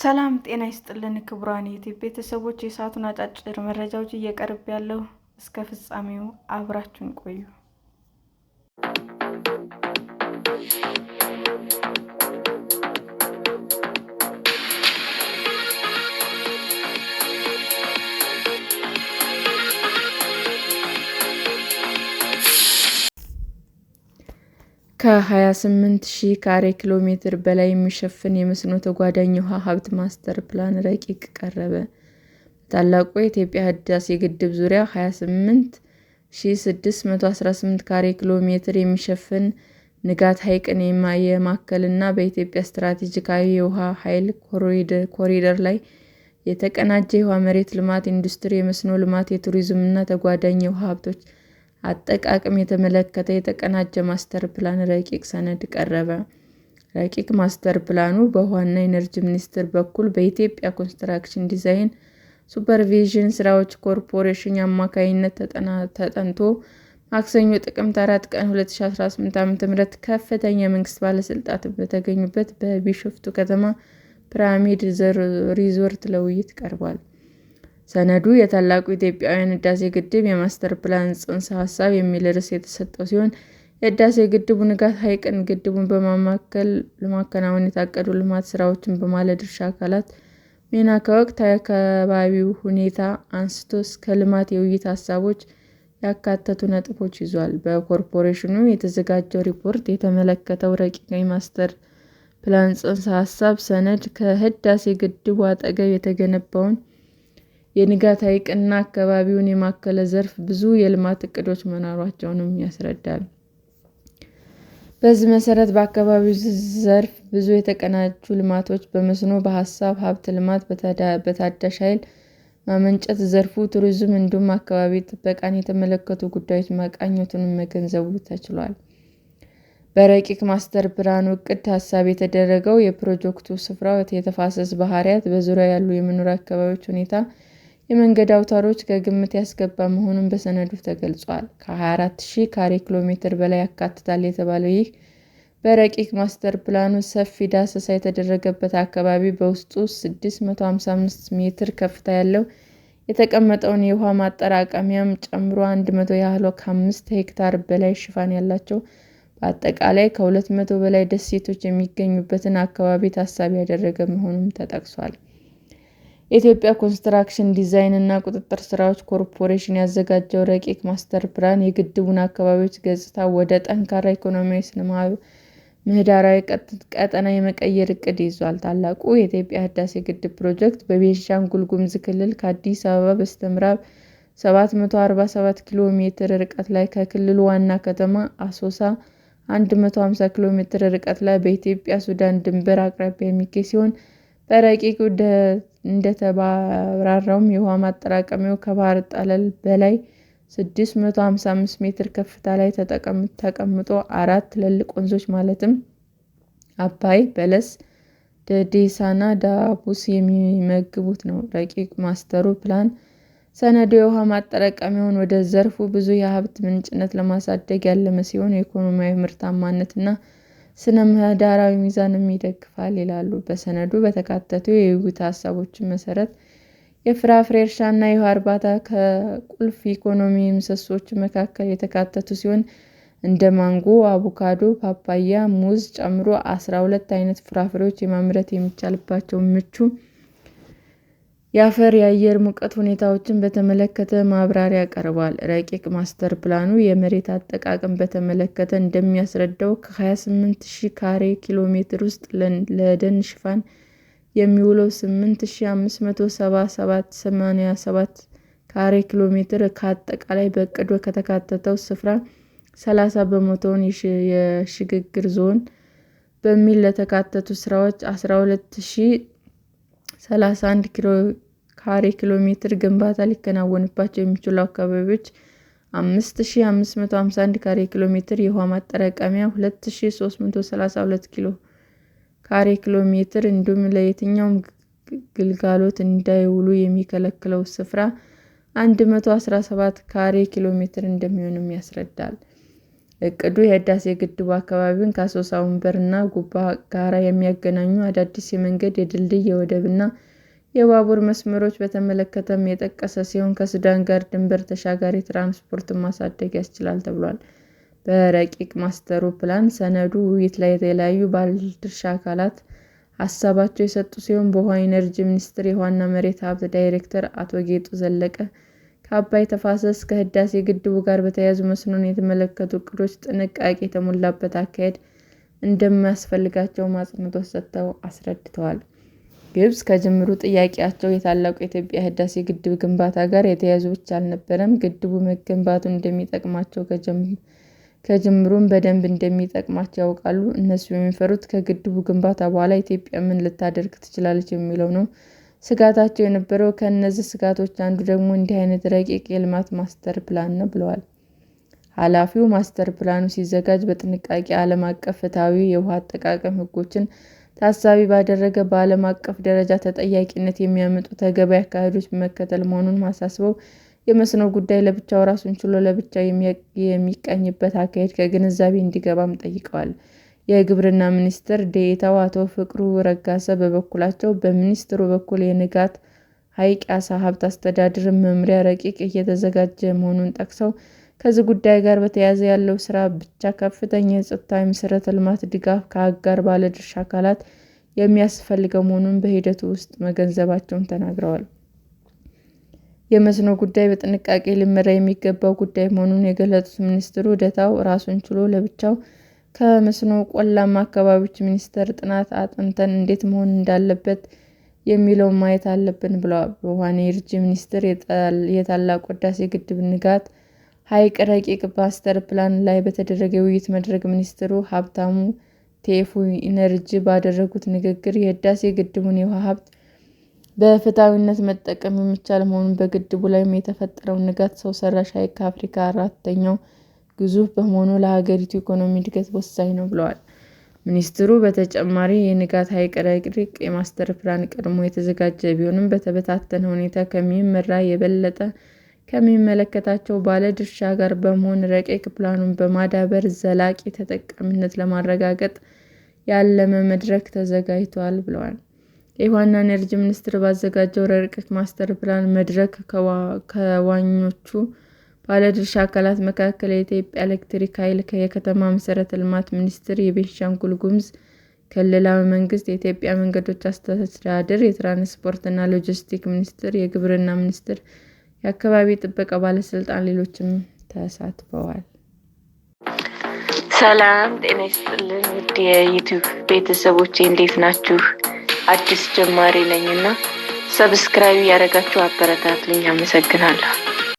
ሰላም ጤና ይስጥልን ክቡራን ዩቲ ቤተሰቦች፣ የሰዓቱን አጫጭር መረጃዎች እየቀርብ ያለው እስከ ፍጻሜው አብራችን ቆዩ። ከ28 ሺህ ካሬ ኪሎ ሜትር በላይ የሚሸፍን የመስኖ ተጓዳኝ ውሃ ሀብት ማስተር ፕላን ረቂቅ ቀረበ። በታላቁ የኢትዮጵያ ሕዳሴ ግድብ ዙሪያ 28 618 ካሬ ኪሎ ሜትር የሚሸፍን ንጋት ሐይቅን የማከልና በኢትዮጵያ ስትራቴጂካዊ የውሃ ኃይል ኮሪደር ላይ የተቀናጀ የውሃ መሬት ልማት፣ ኢንዱስትሪ፣ የመስኖ ልማት፣ የቱሪዝም እና ተጓዳኝ የውሃ ሀብቶች አጠቃቀም የተመለከተ የተቀናጀ ማስተር ፕላን ረቂቅ ሰነድ ቀረበ። ረቂቅ ማስተር ፕላኑ በውኃና ኢነርጂ ሚኒስቴር በኩል በኢትዮጵያ ኮንስትራክሽን ዲዛይን ሱፐርቪዥን ሥራዎች ኮርፖሬሽን አማካኝነት ተጠንቶ ማክሰኞ ጥቅምት 4 ቀን 2018 ዓ.ም ከፍተኛ የመንግስት ባለስልጣት በተገኙበት በቢሾፍቱ ከተማ ፒራሚድ ሪዞርት ለውይይት ቀርቧል። ሰነዱ የታላቁ ኢትዮጵያውያን ህዳሴ ግድብ የማስተር ፕላን ጽንሰ ሀሳብ የሚል ርዕስ የተሰጠው ሲሆን፣ የህዳሴ ግድቡ ንጋት ሐይቅን ግድቡን በማማከል ለማከናወን የታቀዱ ልማት ሥራዎችን ድርሻ አካላት ሚና ከወቅታዊ አካባቢው ሁኔታ አንስቶ እስከ ልማት የውይይት ሀሳቦች ያካተቱ ነጥቦች ይዟል። በኮርፖሬሽኑ የተዘጋጀው ሪፖርት የተመለከተው ረቂቅ የማስተር ፕላን ጽንሰ ሀሳብ ሰነድ ከህዳሴ ግድቡ አጠገብ የተገነባውን የንጋት ሐይቅና አካባቢውን የማከለ ዘርፍ ብዙ የልማት እቅዶች መኖራቸውንም ያስረዳል። በዚህ መሰረት በአካባቢው ዘርፍ ብዙ የተቀናጁ ልማቶች በመስኖ፣ በሀሳብ ሀብት ልማት፣ በታዳሽ ኃይል ማመንጨት ዘርፉ፣ ቱሪዝም እንዲሁም አካባቢ ጥበቃን የተመለከቱ ጉዳዮች መቃኘቱንም መገንዘቡ ተችሏል። በረቂቅ ማስተር ፕላኑ ዕቅድ ታሳቢ የተደረገው የፕሮጀክቱ ስፍራ፣ የተፋሰስ ባህሪያት፣ በዙሪያው ያሉ የመኖሪያ አካባቢዎች ሁኔታ የመንገድ አውታሮች ከግምት ያስገባ መሆኑን በሰነዱ ተገልጿል። ከ24,000 ካሬ ኪሎ ሜትር በላይ ያካትታል የተባለው ይህ በረቂቅ ማስተር ፕላኑ ሰፊ ዳሰሳ የተደረገበት አካባቢ በውስጡ 655 ሜትር ከፍታ ያለው የተቀመጠውን የውሃ ማጠራቀሚያም ጨምሮ 100 ያህል ከ5 ሄክታር በላይ ሽፋን ያላቸው በአጠቃላይ ከ200 በላይ ደሴቶች የሚገኙበትን አካባቢ ታሳቢ ያደረገ መሆኑም ተጠቅሷል። የኢትዮጵያ ኮንስትራክሽን ዲዛይን እና ቁጥጥር ሥራዎች ኮርፖሬሽን ያዘጋጀው ረቂቅ ማስተር ፕላን የግድቡን አካባቢዎች ገጽታ ወደ ጠንካራ ኢኮኖሚያዊ፣ ስነ-ምህዳራዊ ቀጠና የመቀየር እቅድ ይዟል። ታላቁ የኢትዮጵያ ህዳሴ ግድብ ፕሮጀክት በቤኒሻንጉል ጉሙዝ ክልል ከአዲስ አበባ በስተምዕራብ 747 ኪሎ ሜትር ርቀት ላይ፣ ከክልሉ ዋና ከተማ አሶሳ 150 ኪሎ ሜትር ርቀት ላይ በኢትዮጵያ ሱዳን ድንበር አቅራቢያ የሚገኝ ሲሆን በረቂቁ እንደተባራራውም የውሃ ማጠራቀሚያው ከባህር ጠለል በላይ 655 ሜትር ከፍታ ላይ ተቀምጦ አራት ትልልቅ ወንዞች ማለትም አባይ፣ በለስ፣ ደዴሳና ዳቡስ የሚመግቡት ነው። ረቂቅ ማስተሩ ፕላን ሰነዱ የውሃ ማጠራቀሚያውን ወደ ዘርፉ ብዙ የሀብት ምንጭነት ለማሳደግ ያለመ ሲሆን የኢኮኖሚያዊ ምርታማነትና ስነ ምህዳራዊ ሚዛንም ይደግፋል ይላሉ። በሰነዱ በተካተቱ የውይይት ሀሳቦች መሰረት የፍራፍሬ እርሻና የውሃ እርባታ ከቁልፍ ኢኮኖሚ ምሰሶዎች መካከል የተካተቱ ሲሆን እንደ ማንጎ፣ አቮካዶ፣ ፓፓያ፣ ሙዝ ጨምሮ አስራ ሁለት አይነት ፍራፍሬዎች የማምረት የሚቻልባቸው ምቹ የአፈር የአየር ሙቀት ሁኔታዎችን በተመለከተ ማብራሪያ ቀርቧል። ረቂቅ ማስተር ፕላኑ የመሬት አጠቃቀም በተመለከተ እንደሚያስረዳው ከ ሺህ ካሬ ኪሎ ሜትር ውስጥ ለደን ሽፋን የሚውለው 8,577,87 ካሬ ኪሎ ሜትር ከአጠቃላይ በቅዶ ከተካተተው ስፍራ 30 በመቶውን የሽግግር ዞን በሚል ለተካተቱ ስራዎች 12,000 31 ኪሎ ካሬ ኪሎ ሜትር ግንባታ ሊከናወንባቸው የሚችሉ አካባቢዎች 5551 ካሬ ኪሎ ሜትር የውሃ ማጠራቀሚያ፣ 2332 ኪሎ ካሬ ኪሎ ሜትር እንዲሁም ለየትኛውም ግልጋሎት እንዳይውሉ የሚከለክለው ስፍራ 117 ካሬ ኪሎ ሜትር እንደሚሆንም ያስረዳል። እቅዱ የህዳሴ ግድቡ አካባቢውን ከአሶሳ፣ ወንበርና ጉባ ጋር የሚያገናኙ አዳዲስ የመንገድ፣ የድልድይ፣ የወደብና የባቡር መስመሮች በተመለከተም የጠቀሰ ሲሆን ከሱዳን ጋር ድንበር ተሻጋሪ ትራንስፖርትን ማሳደግ ያስችላል ተብሏል። በረቂቅ ማስተር ፕላን ሰነዱ ውይይት ላይ የተለያዩ ባለድርሻ አካላት ሀሳባቸው የሰጡ ሲሆን በውሃ ኢነርጂ ሚኒስቴር የዋና መሬት ሀብት ዳይሬክተር አቶ ጌጡ ዘለቀ ከአባይ ተፋሰስ ከህዳሴ ግድቡ ጋር በተያያዙ መስኖን የተመለከቱ እቅዶች ጥንቃቄ የተሞላበት አካሄድ እንደሚያስፈልጋቸው አጽንዖት ሰጥተው አስረድተዋል። ግብጽ ከጅምሩ ጥያቄያቸው የታላቁ የኢትዮጵያ ህዳሴ ግድብ ግንባታ ጋር የተያያዙ ብቻ አልነበረም፤ ግድቡ መገንባቱን እንደሚጠቅማቸው ከጅምሩም በደንብ እንደሚጠቅማቸው ያውቃሉ። እነሱ የሚፈሩት ከግድቡ ግንባታ በኋላ ኢትዮጵያ ምን ልታደርግ ትችላለች የሚለው ነው። ስጋታቸው የነበረው። ከእነዚህ ስጋቶች አንዱ ደግሞ እንዲህ አይነት ረቂቅ የልማት ማስተር ፕላን ነው ብለዋል ኃላፊው። ማስተር ፕላኑ ሲዘጋጅ በጥንቃቄ ዓለም አቀፍ ፍትሐዊ የውሃ አጠቃቀም ህጎችን ታሳቢ ባደረገ በዓለም አቀፍ ደረጃ ተጠያቂነት የሚያመጡ ተገቢ አካሄዶች መከተል መሆኑን አሳስበው የመስኖ ጉዳይ ለብቻው ራሱን ችሎ ለብቻው የሚቀኝበት አካሄድ ከግንዛቤ እንዲገባም ጠይቀዋል። የግብርና ሚኒስትር ዴኤታው አቶ ፍቅሩ ረጋሰ በበኩላቸው በሚኒስትሩ በኩል የንጋት ሐይቅ አሳ ሀብት አስተዳደር መምሪያ ረቂቅ እየተዘጋጀ መሆኑን ጠቅሰው ከዚህ ጉዳይ ጋር በተያያዘ ያለው ስራ ብቻ ከፍተኛ የጸጥታ መሰረተ ልማት ድጋፍ ከአጋር ባለድርሻ አካላት የሚያስፈልገው መሆኑን በሂደቱ ውስጥ መገንዘባቸውን ተናግረዋል። የመስኖ ጉዳይ በጥንቃቄ ሊመራ የሚገባው ጉዳይ መሆኑን የገለጹት ሚኒስትሩ ዴኤታው ራሱን ችሎ ለብቻው ከመስኖ ቆላማ አካባቢዎች ሚኒስቴር ጥናት አጥንተን እንዴት መሆን እንዳለበት የሚለው ማየት አለብን ብለዋል። በውሃ ኢነርጂ ሚኒስቴር የታላቁ ህዳሴ ግድብ ንጋት ሐይቅ ረቂቅ ማስተር ፕላን ላይ በተደረገ ውይይት መድረክ ሚኒስትሩ ሀብታሙ ቴፉ ኢነርጂ ባደረጉት ንግግር የህዳሴ ግድቡን የውሃ ሀብት በፍትሐዊነት መጠቀም የሚቻል መሆኑን፣ በግድቡ ላይም የተፈጠረው ንጋት ሰው ሰራሽ ሐይቅ ከአፍሪካ አራተኛው ግዙፍ በመሆኑ ለሀገሪቱ ኢኮኖሚ እድገት ወሳኝ ነው ብለዋል። ሚኒስትሩ በተጨማሪ የንጋት ሐይቅ ረቂቅ የማስተር ፕላን ቀድሞ የተዘጋጀ ቢሆንም በተበታተነ ሁኔታ ከሚመራ የበለጠ ከሚመለከታቸው ባለ ድርሻ ጋር በመሆን ረቂቅ ፕላኑን በማዳበር ዘላቂ ተጠቃሚነት ለማረጋገጥ ያለመ መድረክ ተዘጋጅቷል ብለዋል። የውኃና ኢነርጂ ሚኒስቴር ባዘጋጀው ረቂቅ ማስተር ፕላን መድረክ ከዋኞቹ ባለድርሻ አካላት መካከል የኢትዮጵያ ኤሌክትሪክ ኃይል፣ የከተማ መሠረተ ልማት ሚኒስቴር፣ የቤንሻንጉል ጉሙዝ ክልላዊ መንግስት፣ የኢትዮጵያ መንገዶች አስተዳደር፣ የትራንስፖርትና ሎጂስቲክስ ሚኒስቴር፣ የግብርና ሚኒስቴር፣ የአካባቢ ጥበቃ ባለስልጣን ሌሎችም ተሳትፈዋል። ሰላም ጤና ይስጥልን ውድ የዩቱብ ቤተሰቦች እንዴት ናችሁ? አዲስ ጀማሪ ነኝና ሰብስክራይብ ያደረጋችሁ አበረታቱኝ። አመሰግናለሁ።